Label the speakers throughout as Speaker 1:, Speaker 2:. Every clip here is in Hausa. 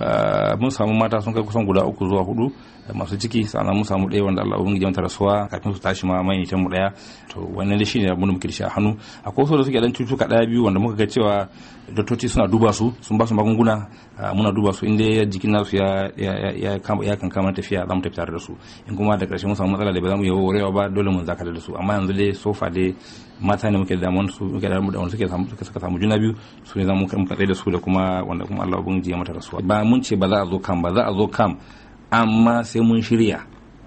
Speaker 1: uh, mun samu mata sun kai kusan guda uku zuwa hudu eh, masu ciki sannan mun samu ɗaya wanda Allah ubangiji ya mata rasuwa kafin su tashi ma mai mu ɗaya to wannan shi ne abin da muke da shi a hannu akwai wasu da suke dan cutuka ɗaya biyu wanda muka ga cewa doktoci suna duba su sun ba su magunguna ah, muna duba su inda jikin nasu ya ya ya kan kama tafiya za mu tafi tare da su in kuma da ƙarshe mun samu matsala da ba za mu yi warewa ba dole mun zaka da su amma yanzu dai sofa dai mata ne muke da damuwar su muke da damuwar suke samu suka samu juna biyu su ne za mu kai da su da kuma wanda kuma Allah ubangiji ya mata rasuwa ba mun ce ba za a zo kam ba za a zo kam amma sai mun shirya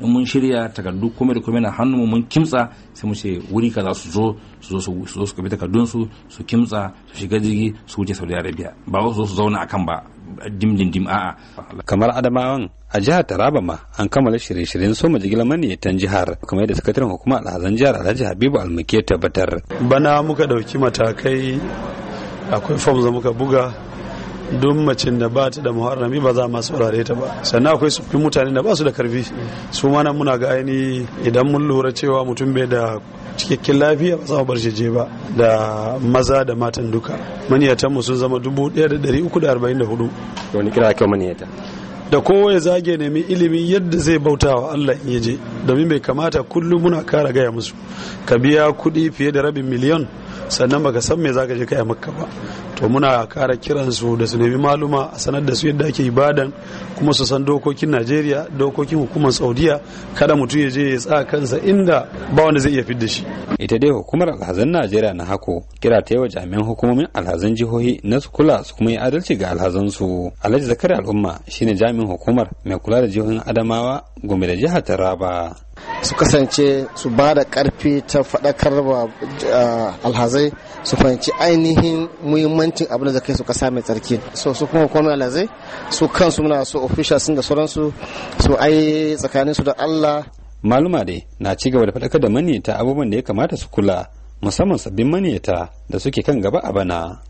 Speaker 1: in mun shirya takardu kome da kome na hannu mun kimtsa sai mu ce wuri kaza su zo su zo su zo su kabi takardun
Speaker 2: su su kimtsa su shiga jirgi su wuce Saudi Arabia ba su zo su zauna akan ba dim dim dim a'a kamar Adamawan a jihar Taraba ma an kammala shirye-shiryen soma jigilar ta jihar kamar yadda sakataren hukuma alhazan jihar Alhaji Habibu Almuke tabbatar
Speaker 3: bana muka dauki matakai akwai fom da muka buga duk macin da ba ta da muharrami ba za ma saurare ta ba sannan akwai sufin mutane da ba su da karfi su ma muna ga aini idan mun lura cewa mutum bai da cikakken lafiya ba za mu bar shi je ba da maza da matan duka maniyatan mu sun zama dubu ɗaya da ɗari uku da arba'in da hudu wani kira kyau maniyata da kowa zage nemi ilimin yadda zai bauta wa Allah in ya je domin bai kamata kullum muna kara gaya musu ka biya kuɗi fiye da rabin miliyan sannan baka san me zaka je kai makka ba to muna kara kiransu da su nemi maluma a sanar da su yadda ake ibadan kuma su san dokokin Najeriya dokokin hukumar Saudiya kada mutum ya je ya tsaka kansa inda ba wanda zai iya fidda shi ita dai hukumar alhazan Najeriya na hako
Speaker 2: kira ta yawa jami'an hukumomin alhazan jihohi na su kula su kuma yi adalci ga alhazan su Alhaji Zakari Al'umma shine jami'in hukumar mai kula da jihohin Adamawa Gombe da jihar Taraba
Speaker 4: su kasance su ba da karfi ta faɗakar wa alhazai su fahimci ainihin muhimmancin abin da zai kai su kasa mai tsarki so su kuma kwanu alhazai su kansu muna so officials sun da sauransu su ai tsakaninsu da allah
Speaker 2: maluma dai na ci gaba da faɗakar da maniyata abubuwan da ya kamata su kula musamman sabbin maniyata da suke kan gaba a bana